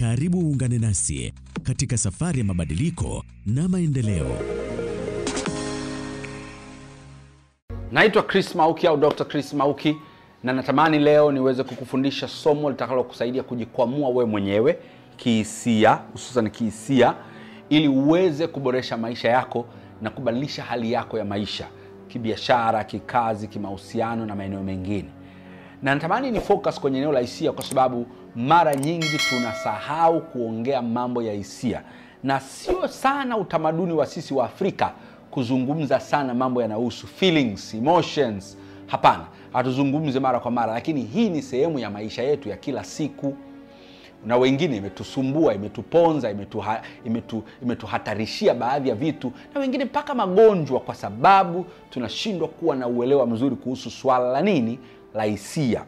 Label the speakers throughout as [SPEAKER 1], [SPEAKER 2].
[SPEAKER 1] Karibu uungane nasi katika safari ya mabadiliko na maendeleo.
[SPEAKER 2] Naitwa Chris Mauki au Dr. Chris Mauki na natamani leo niweze kukufundisha somo litakalokusaidia kujikwamua we mwenyewe kihisia, hususan kihisia, ili uweze kuboresha maisha yako na kubadilisha hali yako ya maisha, kibiashara, kikazi, kimahusiano na maeneo mengine na natamani ni focus kwenye eneo la hisia, kwa sababu mara nyingi tunasahau kuongea mambo ya hisia, na sio sana utamaduni wa sisi wa Afrika kuzungumza sana mambo yanayohusu feelings, emotions. Hapana, hatuzungumze mara kwa mara, lakini hii ni sehemu ya maisha yetu ya kila siku na wengine imetusumbua, imetuponza, imetuha, imetu, imetuhatarishia baadhi ya vitu, na wengine mpaka magonjwa, kwa sababu tunashindwa kuwa na uelewa mzuri kuhusu swala la nini la hisia.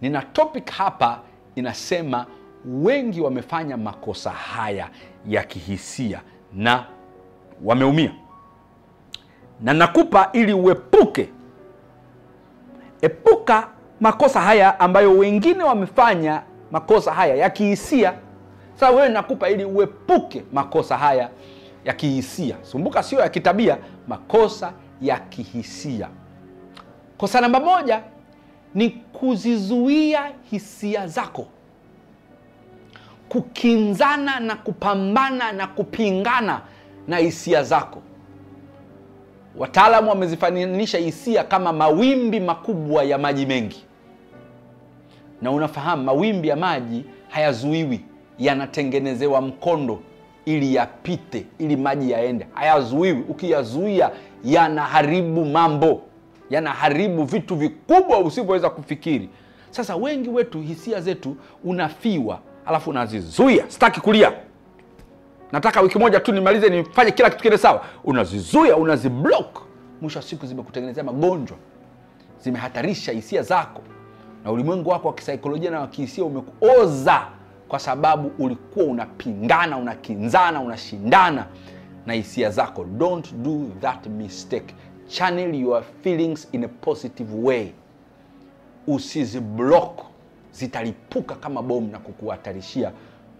[SPEAKER 2] Nina topic hapa inasema wengi wamefanya makosa haya ya kihisia na wameumia, na nakupa ili uepuke. Epuka makosa haya ambayo wengine wamefanya makosa haya ya kihisia. Sasa wewe nakupa ili uepuke makosa haya ya kihisia. Sumbuka sio ya kitabia, makosa ya kihisia. Kosa namba moja ni kuzizuia hisia zako kukinzana na kupambana na kupingana na hisia zako. Wataalamu wamezifananisha hisia kama mawimbi makubwa ya maji mengi, na unafahamu mawimbi ya maji hayazuiwi, yanatengenezewa mkondo ili yapite, ili maji yaende, hayazuiwi. Ukiyazuia yanaharibu mambo yanaharibu vitu vikubwa usivyoweza kufikiri. Sasa wengi wetu, hisia zetu unafiwa, alafu unazizuia. Sitaki kulia, nataka wiki moja tu nimalize, nifanye kila kitu kile sawa. Unazizuia, unaziblok Mwisho wa siku zimekutengenezea magonjwa, zimehatarisha hisia zako na ulimwengu wako wa kisaikolojia na wakihisia umekuoza, kwa sababu ulikuwa unapingana, unakinzana, unashindana na hisia zako. Don't do that mistake channel your feelings in a positive way. Usiziblock, zitalipuka kama bomu na kukuhatarishia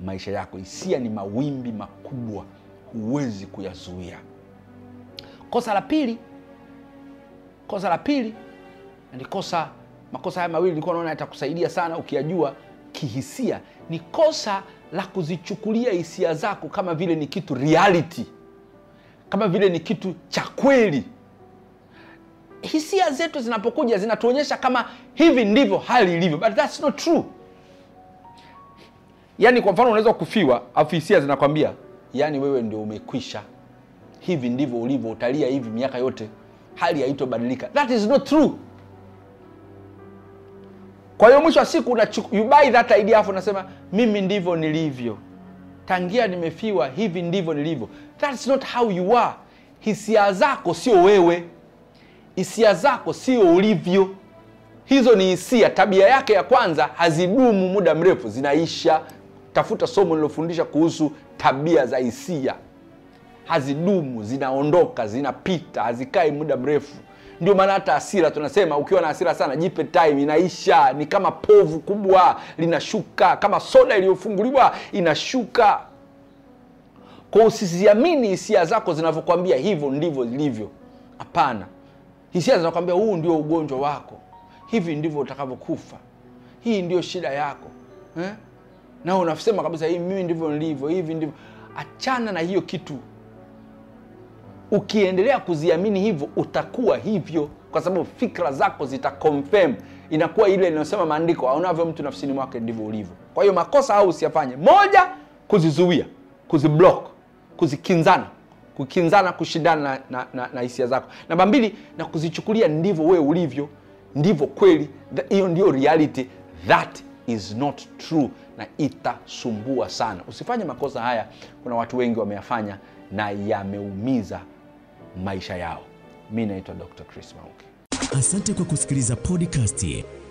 [SPEAKER 2] maisha yako. Hisia ni mawimbi makubwa, huwezi kuyazuia. Kosa la pili, kosa la pili ni kosa, makosa haya mawili nilikuwa naona yatakusaidia sana ukiyajua kihisia, ni kosa la kuzichukulia hisia zako kama vile ni kitu reality, kama vile ni kitu cha kweli hisia zetu zinapokuja zinatuonyesha kama hivi ndivyo hali ilivyo, but that's not true. Yani kwa mfano unaweza kufiwa afu hisia zinakwambia yani wewe ndio umekwisha, hivi ndivyo ulivyo, utalia hivi miaka yote, hali haitobadilika. That is not true. Kwa hiyo mwisho wa siku una you buy that idea, afu unasema mimi ndivyo nilivyo tangia nimefiwa, hivi ndivyo nilivyo. That's not how you are. Hisia zako sio wewe hisia zako sio ulivyo. Hizo ni hisia. Tabia yake ya kwanza hazidumu muda mrefu, zinaisha. Tafuta somo nilofundisha kuhusu tabia za hisia, hazidumu, zinaondoka, zinapita, hazikai muda mrefu. Ndio maana hata asira tunasema, ukiwa na asira sana jipe time, inaisha. Ni kama povu kubwa linashuka, kama soda iliyofunguliwa inashuka. Kwa usiziamini hisia zako zinavyokwambia hivyo ndivyo zilivyo. Hapana, Hisia zinakwambia huu ndio ugonjwa wako, hivi ndivyo utakavyokufa, hii ndio shida yako eh? Na unasema kabisa hii, mimi ndivyo nilivyo, hivi ndivyo. Achana na hiyo kitu. Ukiendelea kuziamini hivyo, utakuwa hivyo, kwa sababu fikra zako zita confirm, inakuwa ile inayosema maandiko, aonavyo mtu nafsini mwake ndivyo ulivyo. Kwa hiyo makosa au usiyafanye, moja, kuzizuia, kuziblock, kuzikinzana kukinzana, kushindana na, na, na hisia zako. Namba mbili, na kuzichukulia ndivyo wewe ulivyo, ndivyo kweli, hiyo ndio reality. That is not true, na itasumbua sana. Usifanye makosa haya, kuna watu wengi wameyafanya na yameumiza maisha yao. Mi naitwa Dr. Chris Mauki.
[SPEAKER 1] Asante kwa kusikiliza podcast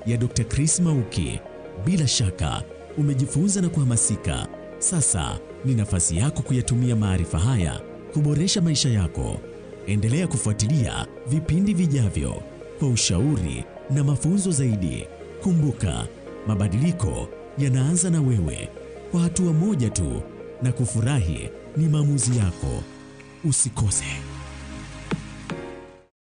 [SPEAKER 1] ya Dr. Chris Mauki. Bila shaka umejifunza na kuhamasika. Sasa ni nafasi yako kuyatumia maarifa haya kuboresha maisha yako. Endelea kufuatilia vipindi vijavyo kwa ushauri na mafunzo zaidi. Kumbuka, mabadiliko yanaanza na wewe, kwa hatua moja tu, na kufurahi ni maamuzi yako. Usikose.